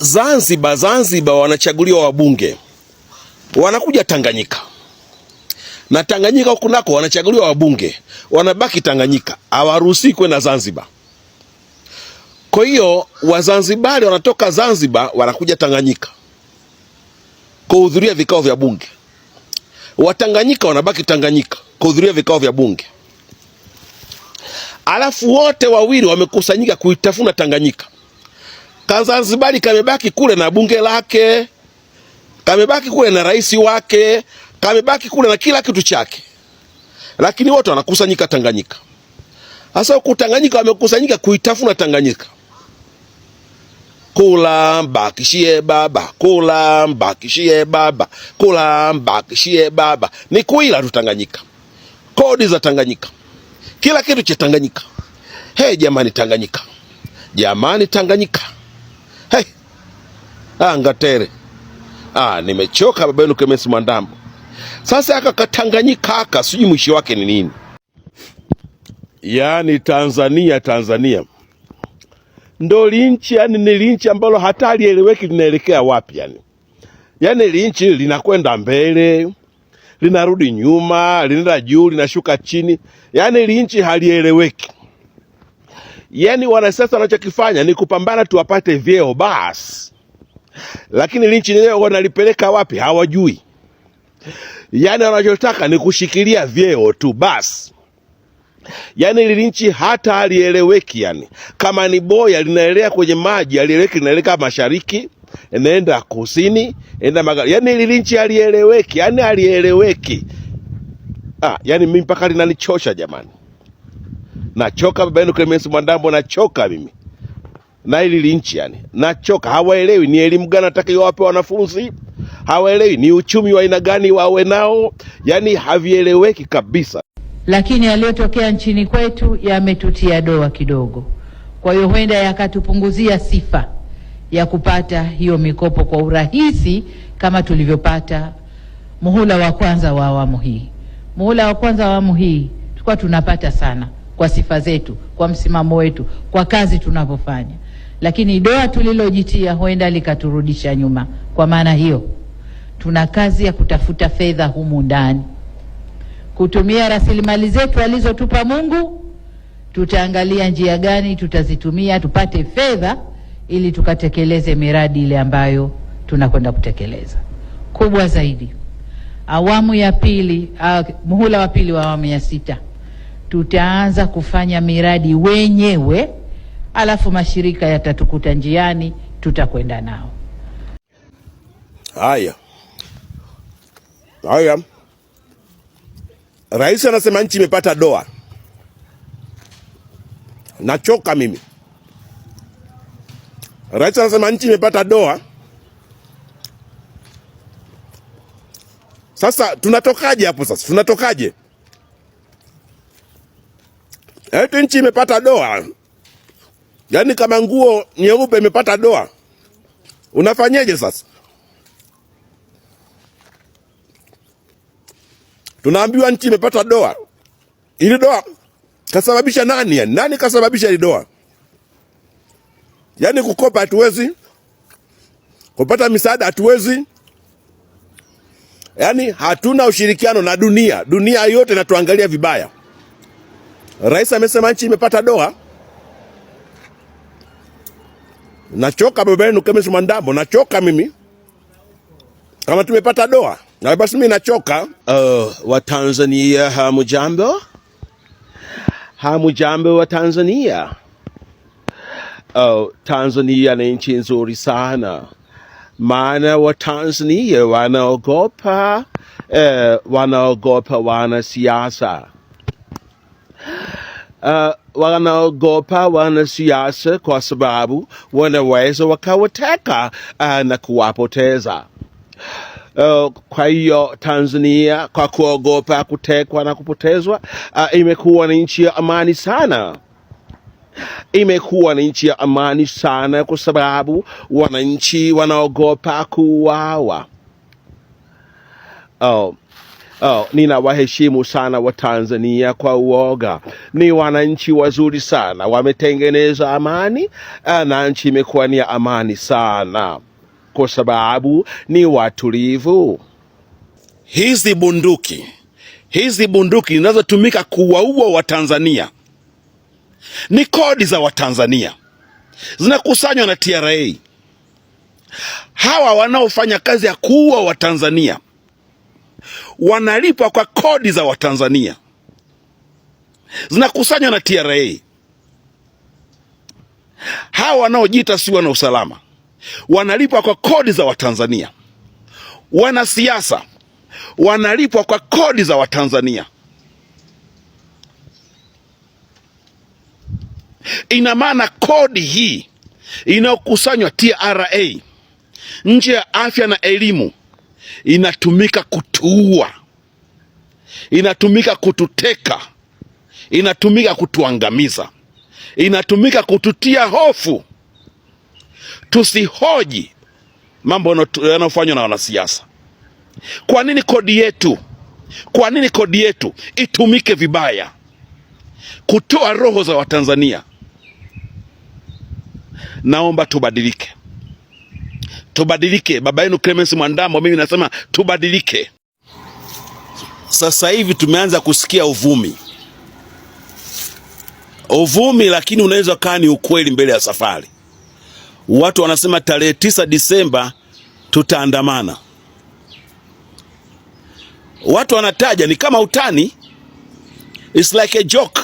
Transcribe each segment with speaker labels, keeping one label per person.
Speaker 1: Zanzibar, Zanzibar wanachaguliwa wabunge wanakuja Tanganyika na Tanganyika huku nako wanachaguliwa wabunge wanabaki Tanganyika, hawaruhusi kwenda Zanzibar. Kwa hiyo Wazanzibari wanatoka Zanzibar wanakuja Tanganyika kuhudhuria vikao vya bunge, Watanganyika wanabaki Tanganyika kuhudhuria vikao vya bunge, alafu wote wawili wamekusanyika kuitafuna Tanganyika. Kazanzibari kamebaki kule na bunge lake, kamebaki kule na rais wake, kamebaki kule na kila kitu chake, lakini wote wanakusanyika Tanganyika. Hasa Tanganyika wamekusanyika kuitafuna Tanganyika. Kula mbakishie baba, kula mbakishie baba, kula mbakishie baba, ni kuila tu Tanganyika, kodi za Tanganyika, kila kitu cha Tanganyika. He jamani, Tanganyika, jamani, Tanganyika ah, Ngatere ah, nimechoka baba yenu Kemesi Mwandambo. Sasa aka Katanganyika aka sijui mwisho wake ni nini?
Speaker 2: Yaani Tanzania, Tanzania ndo linchi, yani ni linchi ambalo hata alieleweki linaelekea wapi yani. Yaani linchi linakwenda mbele linarudi nyuma, linaenda juu, linashuka chini, Yaani linchi halieleweki. Yaani wanasiasa wanachokifanya ni kupambana tuwapate vyeo basi lakini linchi leo wanalipeleka wapi hawajui. Yaani wanachotaka ni kushikilia vyeo tu basi. Yaani linchi hata alieleweki, yani kama ni boya linaelea kwenye maji alieleweki, linaeleka mashariki inaenda kusini enda magharibi, Yani ili linchi halieleweki, yaani halieleweki. Ah, yani mimi mpaka linanichosha jamani, nachoka. Baba yenu Clemence Mwandambo, nachoka mimi na hili nchi yani, nachoka. Hawaelewi ni elimu gani atakiwa wanafunzi, hawaelewi ni uchumi wa aina gani wawe nao, yani havieleweki kabisa.
Speaker 3: Lakini yaliyotokea nchini kwetu yametutia doa kidogo, kwa hiyo huenda yakatupunguzia sifa ya kupata hiyo mikopo kwa urahisi kama tulivyopata muhula wa kwanza wa awamu hii. Muhula wa kwanza wa awamu hii tulikuwa tunapata sana kwa sifa zetu, kwa msimamo wetu, kwa kazi tunavyofanya lakini doa tulilojitia huenda likaturudisha nyuma. Kwa maana hiyo, tuna kazi ya kutafuta fedha humu ndani, kutumia rasilimali zetu alizotupa Mungu. Tutaangalia njia gani tutazitumia tupate fedha ili tukatekeleze miradi ile ambayo tunakwenda kutekeleza. Kubwa zaidi, awamu ya pili, uh, muhula wa pili wa awamu ya sita tutaanza kufanya miradi wenyewe alafu mashirika yatatukuta njiani, tutakwenda nao.
Speaker 1: Haya haya, rais anasema nchi imepata doa. Nachoka mimi. Rais anasema nchi imepata doa. Sasa tunatokaje hapo? Sasa tunatokaje? Eti nchi imepata doa. Yaani kama nguo nyeupe imepata doa unafanyeje sasa? Tunaambiwa nchi imepata doa. Ili doa kasababisha nani? Yani nani kasababisha ili doa? Yaani kukopa hatuwezi, kupata misaada hatuwezi, yaani hatuna ushirikiano na dunia. Dunia yote inatuangalia vibaya. Rais amesema nchi imepata doa. Nachoka baba yenu si Mwandambo, nachoka mimi kama tumepata doa na basi mimi nachoka.
Speaker 4: Oh, wa Tanzania hamujambo, hamujambo wa Tanzania. Oh, Tanzania ni nchi nzuri sana, maana wa Tanzania wanaogopa, eh, wanaogopa wanasiasa uh, wanaogopa wanasiasa kwa sababu wanaweza wakawateka uh, na kuwapoteza. Uh, kwa hiyo Tanzania kwa kuogopa kutekwa na kupotezwa uh, imekuwa ni nchi ya amani sana imekuwa ni nchi ya amani sana kwa sababu wananchi wanaogopa kuuawa. Oh, Oh, ninawaheshimu sana Watanzania kwa uoga. Ni wananchi wazuri sana, wametengeneza amani eh, na nchi imekuwa ni amani sana, kwa sababu ni watulivu.
Speaker 1: Hizi bunduki hizi bunduki zinazotumika kuwaua Watanzania ni kodi za Watanzania, zinakusanywa na TRA. Hawa wanaofanya kazi ya kuua Watanzania wanalipwa kwa kodi za Watanzania, zinakusanywa na TRA. Hawa wanaojiita si wana usalama wanalipwa kwa kodi za Watanzania. Wanasiasa wanalipwa kwa kodi za Watanzania. Ina maana kodi hii inayokusanywa TRA nje ya afya na elimu inatumika kutuua, inatumika kututeka, inatumika kutuangamiza, inatumika kututia hofu, tusihoji mambo yanayofanywa na wanasiasa. Kwa nini kodi yetu, kwa nini kodi yetu itumike vibaya kutoa roho za Watanzania? Naomba tubadilike tubadilike. Baba yenu Clemence Mwandambo, mimi nasema tubadilike. Sasa hivi tumeanza kusikia uvumi, uvumi, lakini unaweza kaa ni ukweli mbele ya safari. Watu wanasema tarehe tisa Disemba tutaandamana, watu wanataja ni kama utani, it's like a joke.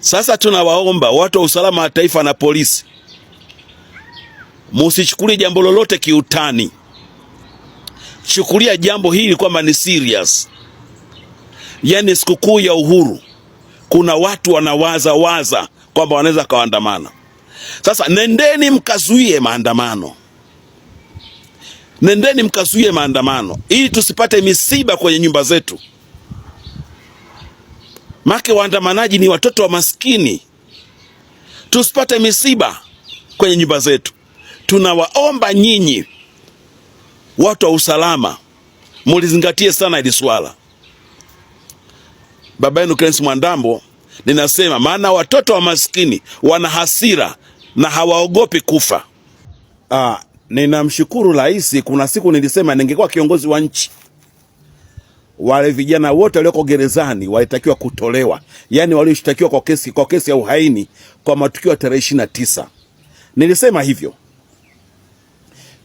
Speaker 1: Sasa tunawaomba watu wa usalama wa taifa na polisi Musichukulie jambo lolote kiutani, chukulia jambo hili kwamba ni serious. Yaani sikukuu ya uhuru, kuna watu wanawaza waza kwamba wanaweza kawaandamana. Sasa nendeni mkazuie maandamano, nendeni mkazuie maandamano ili tusipate misiba kwenye nyumba zetu. Make waandamanaji ni watoto wa maskini, tusipate misiba kwenye nyumba zetu tunawaomba nyinyi watu wa usalama mulizingatie sana hili swala. Baba yenu Clemence Mwandambo ninasema, maana watoto wa maskini wana hasira na hawaogopi kufa. Ah, ninamshukuru rais. Kuna siku nilisema ningekuwa kiongozi wa nchi wale vijana wote walioko gerezani walitakiwa kutolewa, yaani walioshtakiwa kwa kesi, kwa kesi ya uhaini kwa matukio ya tarehe ishirini na tisa. Nilisema hivyo.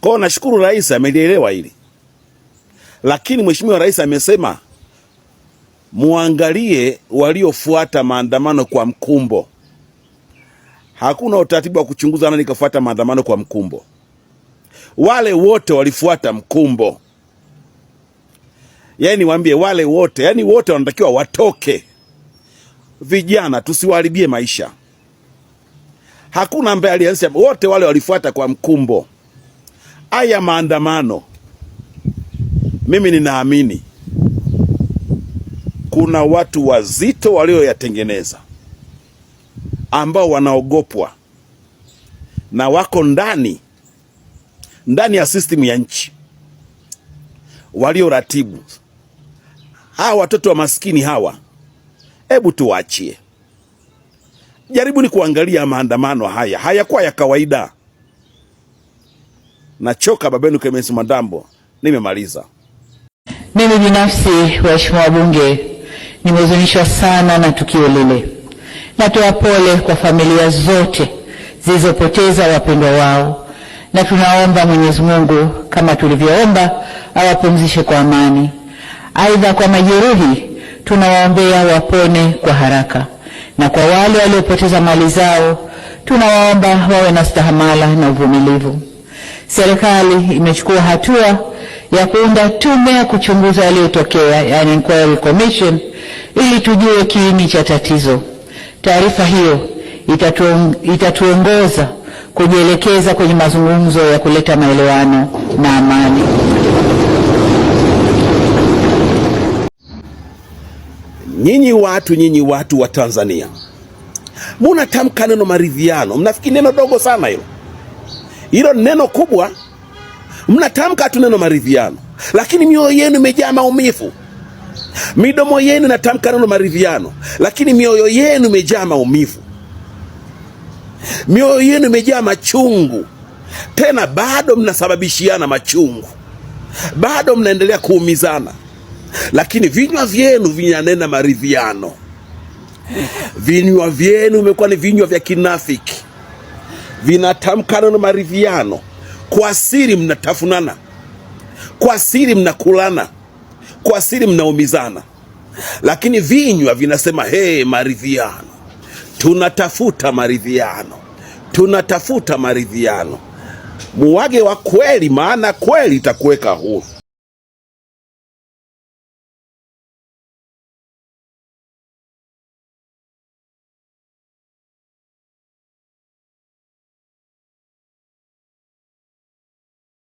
Speaker 1: Kwa hiyo nashukuru rais amelielewa hili, lakini mheshimiwa rais amesema muangalie waliofuata maandamano kwa mkumbo. Hakuna utaratibu wa kuchunguza nani kafuata maandamano kwa mkumbo. Wale wote walifuata mkumbo. Yaani niwaambie wale wote, yaani wote wanatakiwa watoke. Vijana tusiwaharibie maisha. Hakuna ambaye alianza, wote wale walifuata kwa mkumbo haya maandamano, mimi ninaamini kuna watu wazito walioyatengeneza ambao wanaogopwa na wako ndani ndani ya sistimu ya nchi, walioratibu hawa watoto wa maskini hawa. Hebu tuwaachie. Jaribuni kuangalia maandamano haya, hayakuwa ya kawaida. Nachoka Babenu Kemesi Madambo, nimemaliza.
Speaker 5: Mimi binafsi, waheshimiwa wabunge, nimehuzunishwa sana na tukio lile. Natoa pole kwa familia zote zilizopoteza wapendwa wao, na tunaomba Mwenyezi Mungu kama tulivyoomba awapumzishe kwa amani. Aidha, kwa majeruhi tunawaombea wapone kwa haraka, na kwa wale waliopoteza mali zao tunawaomba wawe na stahamala na uvumilivu serikali imechukua hatua ya kuunda tume ya kuchunguza yaliyotokea, yani inquiry commission, ili tujue kiini cha tatizo. Taarifa hiyo itatuongoza kujielekeza kwenye mazungumzo ya kuleta maelewano na amani.
Speaker 1: Nyinyi watu nyinyi watu wa Tanzania, munatamka neno maridhiano, mnafikiri neno dogo sana hilo. Hilo neno kubwa mnatamka tu neno maridhiano, lakini mioyo yenu imejaa maumivu. Midomo yenu inatamka neno maridhiano, lakini mioyo yenu imejaa maumivu. Mioyo yenu imejaa machungu, tena bado mnasababishiana machungu, bado mnaendelea kuumizana, lakini vinywa vyenu vinanena maridhiano. Vinywa vyenu vimekuwa ni vinywa vya kinafiki vinatamkana na maridhiano. Kwa siri mnatafunana, kwa siri mnakulana, kwa siri mnaumizana, lakini vinywa vinasema hey, maridhiano, tunatafuta maridhiano, tunatafuta maridhiano. Muwage wa kweli, maana kweli itakuweka huru.